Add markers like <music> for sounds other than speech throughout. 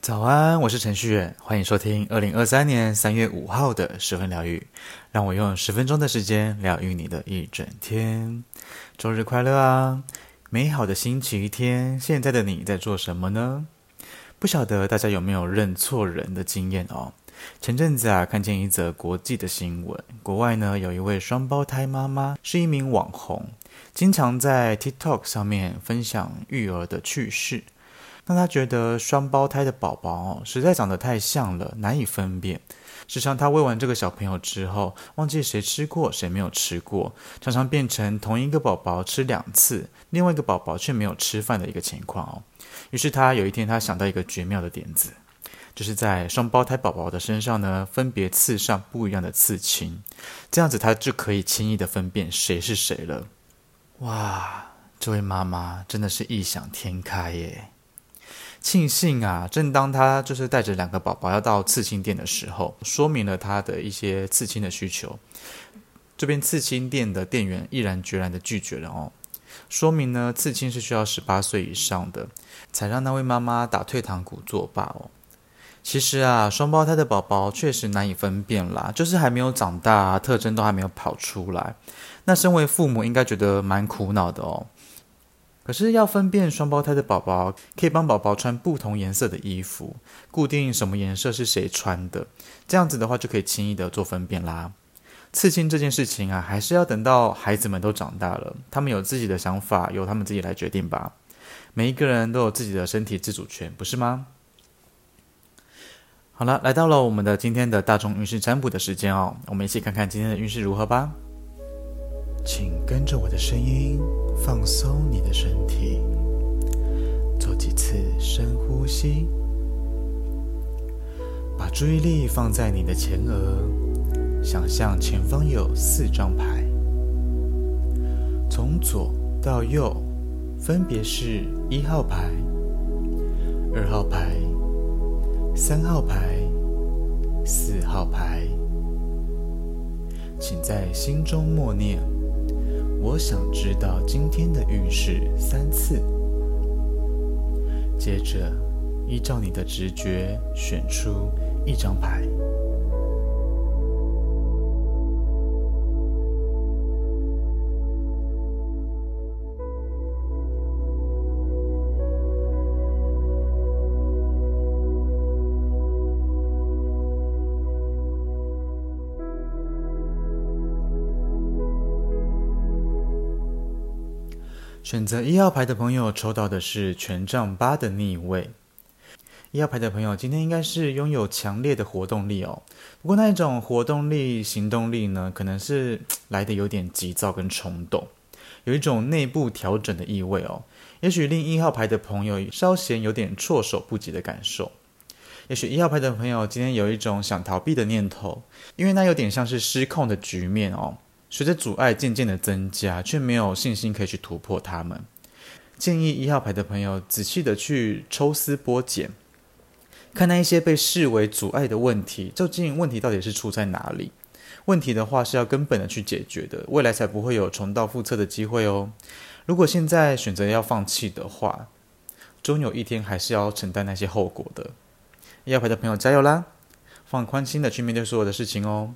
早安，我是許旭遠，歡迎收聽二零二三年三月五號的十分療癒。讓我用十分鐘的時間療癒你的一整天。週日快樂啊！美好的星期一天，現在的你在做什麼呢？不曉得大家有沒有認錯人的經驗哦？前陣子啊，看見一則國際的新聞，國外呢，有一位雙胞胎媽媽，是一名網紅，經常在 TikTok 上面分享育兒的趣事。那她覺得雙胞胎的寶寶哦，實在長得太像了，難以分辨。時常她餵完這個小朋友之後，忘記誰吃過誰沒有吃過，常常變成同一個寶寶吃兩次，另外一個寶寶卻沒有吃飯的一個情況哦。於是她有一天，她想到一個絕妙的點子。就是在雙胞胎寶寶的身上呢，分別刺上不一樣的刺青，這樣子他就可以輕易的分辨誰是誰了。哇，這位媽媽真的是異想天開耶！慶幸啊，正當她就是帶着兩個寶寶要到刺青店的時候，說明了她的一些刺青的需求。這邊刺青店的店員毅然決然的拒絕了哦，說明呢，刺青是需要十八歲以上的，才讓那位媽媽打退堂鼓作罷哦。其實啊，雙胞胎的寶寶確實難以分辨啦，就是還沒有長大啊，特徵都還沒有跑出來。那身為父母應該覺得蠻苦惱的哦。可是要分辨雙胞胎的寶寶，可以幫寶寶穿不同顏色的衣服，固定什麼顏色是誰穿的，這樣子的話就可以輕易的做分辨啦。刺青這件事情啊，還是要等到孩子們都長大了，他們有自己的想法，由他們自己來決定吧。每一個人都有自己的身體自主權，不是嗎？好了，來到了我們的今天的大眾運勢占卜的時間哦，我們一起看看今天的運勢如何吧。請跟着我的聲音，放鬆你的身體，做幾次深呼吸，把注意力放在你的前額，想象前方有四張牌，從左到右，分別是一號牌、二號牌。三號牌，四號牌，請在心中默念，我想知道今天的運勢三次。接着，依照你的直覺選出一張牌。選擇一號牌的朋友抽到的是權杖八的逆位。一號牌的朋友今天應該是擁有強烈的活動力哦，不過那一種活動力、行動力呢，可能是來得有點急躁跟衝動，有一種內部調整的意味哦，也許令一號牌的朋友稍嫌有點措手不及的感受。也許一號牌的朋友今天有一種想逃避的念頭，因為那有點像是失控的局面哦。隨着阻礙漸漸的增加，卻沒有信心可以去突破他們。建議一號牌的朋友仔細的去抽絲剝繭，看那一些被視為阻礙的問題究竟問題到底是出在哪裡？問題的話是要根本的去解決的，未來才不會有重蹈覆轍的機會哦。如果現在選擇要放棄的話，終有一天還是要承擔那些後果的。一號牌的朋友加油啦！放寬心的去面對所有的事情哦。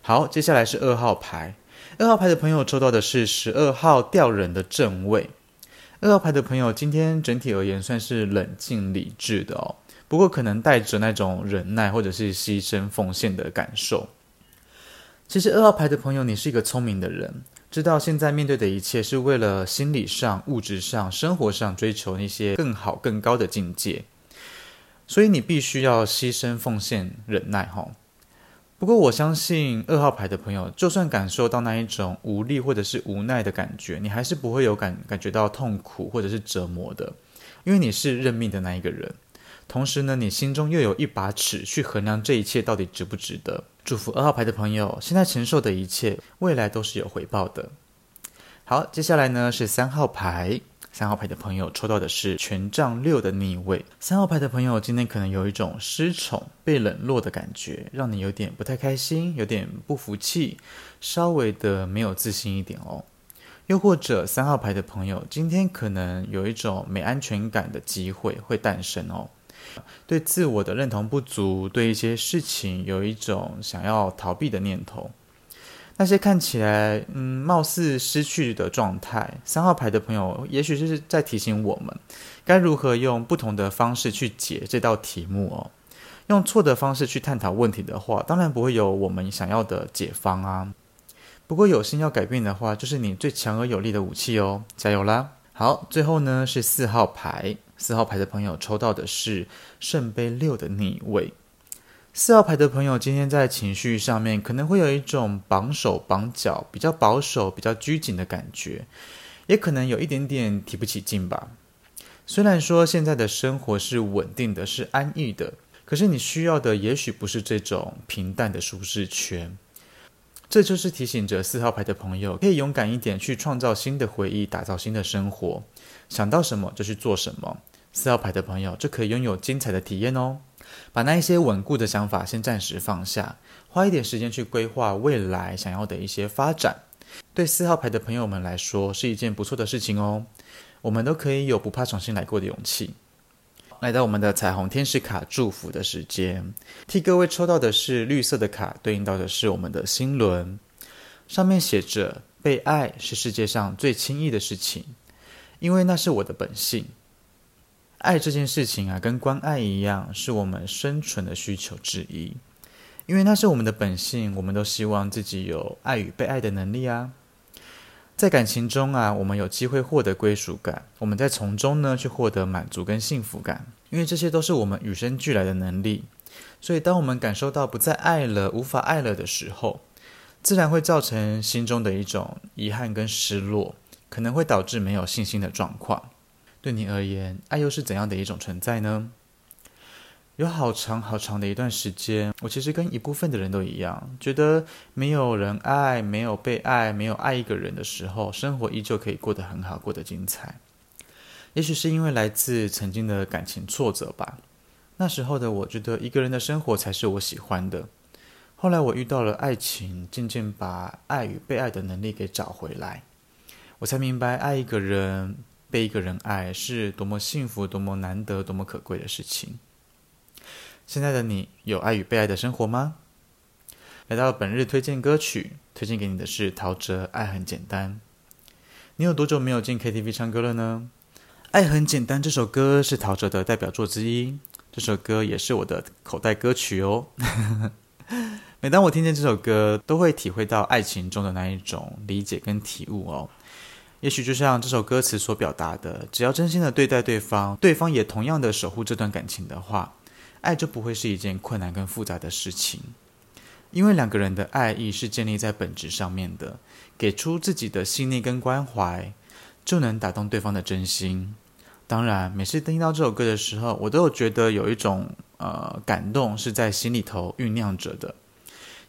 好，接下來是二號牌。二號牌的朋友抽到的是十二號吊人的正位，二號牌的朋友今天整體而言算是冷靜理智的哦，不過可能帶着那種忍耐或者是犧牲奉獻的感受。其實二號牌的朋友，你是一個聰明的人，知道現在面對的一切是為了心理上、物質上、生活上追求那些更好、更高的境界，所以你必須要犧牲奉獻、忍耐哈、哦。不過我相信二號牌的朋友，就算感受到那一種無力或者是無奈的感覺，你還是不會有感感覺到痛苦或者是折磨的，因為你是認命的那一個人。同時呢，你心中又有一把尺去衡量這一切到底值不值得。祝福二號牌的朋友，現在承受的一切，未來都是有回報的。好，接下來呢，是三號牌。三號牌的朋友抽到的是權杖六的逆位，三號牌的朋友今天可能有一種失寵、被冷落的感覺，讓你有點不太開心，有點不服氣，稍微的沒有自信一點哦。又或者三號牌的朋友今天可能有一種沒安全感的機會會誕生哦，對自我的認同不足，對一些事情有一種想要逃避的念頭。那些看起來，嗯，貌似失去的狀態，三號牌的朋友，也許就是在提醒我們，該如何用不同的方式去解這道題目哦。用錯的方式去探討問題的話，當然不會有我們想要的解方啊。不過有心要改變的話，就是你最強而有力的武器哦。加油啦！好，最後呢是四號牌，四號牌的朋友抽到的是聖杯六的逆位。四號牌的朋友，今天在情緒上面可能會有一種綁手綁腳、比較保守、比較拘謹的感覺，也可能有一點點提不起勁吧。雖然說現在的生活是穩定的，是安逸的，可是你需要的也許不是這種平淡的舒適圈。這就是提醒着四號牌的朋友，可以勇敢一點去創造新的回憶，打造新的生活。想到什麼就去做什麼，四號牌的朋友就可以擁有精彩的體驗哦。把那一些穩固的想法先暫時放下，花一點時間去規劃未來想要的一些發展，對四號牌的朋友們來說是一件不錯的事情哦。我們都可以有不怕重新來過的勇氣。來到我們的彩虹天使卡祝福的時間，替各位抽到的是綠色的卡，對應到的是我們的心輪，上面寫着：被愛是世界上最輕易的事情，因為那是我的本性。愛這件事情啊，跟關愛一樣，是我們生存的需求之一，因為那是我們的本性，我們都希望自己有愛與被愛的能力啊。在感情中啊，我們有機會獲得歸屬感，我們再從中呢去獲得滿足跟幸福感，因為這些都是我們與生俱來的能力。所以，當我們感受到不再愛了、無法愛了的時候，自然會造成心中的一種遺憾跟失落，可能會導致沒有信心的狀況。對你而言，愛又是怎樣的一種存在呢？有好長好長的一段時間，我其實跟一部分的人都一樣，覺得沒有人愛、沒有被愛、沒有愛一個人的時候，生活依舊可以過得很好，過得精彩。也許是因為來自曾經的感情挫折吧。那時候的我，覺得一個人的生活才是我喜歡的。後來我遇到了愛情，漸漸把愛與被愛的能力給找回來，我才明白，愛一個人，被一個人愛是多麼幸福、多麼難得、多麼可貴的事情。現在的你有愛與被愛的生活嗎？來到本日推薦歌曲，推薦給你的是陶喆《愛很簡單》。你有多久沒有進 KTV 唱歌了呢？《愛很簡單》這首歌是陶喆的代表作之一，這首歌也是我的口袋歌曲哦。 <laughs> 每當我聽見這首歌，都會體會到愛情中的那一種理解跟體悟哦。也許就像這首歌詞所表達的，只要真心的對待對方，對方也同樣的守護這段感情的話，愛就不會是一件困難跟複雜的事情。因為兩個人的愛意是建立在本質上面的，給出自己的信念跟關懷，就能打動對方的真心。當然，每次聽到這首歌的時候，我都有覺得有一種，呃，感動是在心裡頭醞釀着的。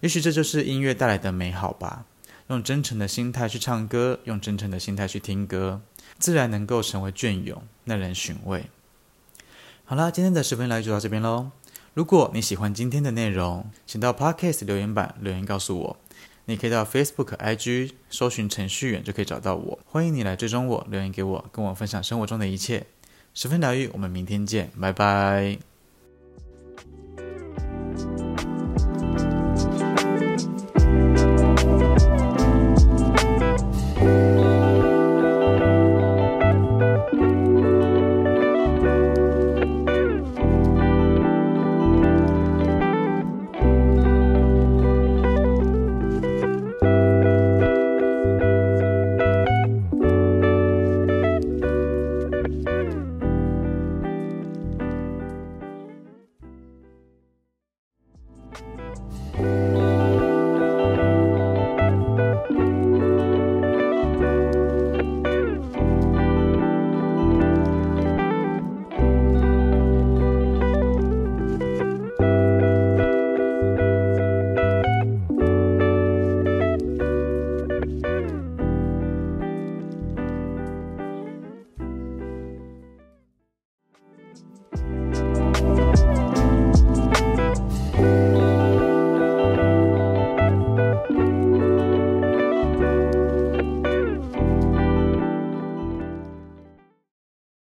也許這就是音樂帶來的美好吧。用真誠的心態去唱歌，用真誠的心態去聽歌，自然能夠成為雋永、耐人尋味。好啦，今天的十分鐘療癒就到這邊嘍。如果你喜歡今天的內容，請到 Podcast 留言板留言告訴我。你可以到 Facebook、IG 搜尋程序員就可以找到我。歡迎你來追蹤我，留言給我，跟我分享生活中的一切。十分鐘療癒，我們明天見，拜拜。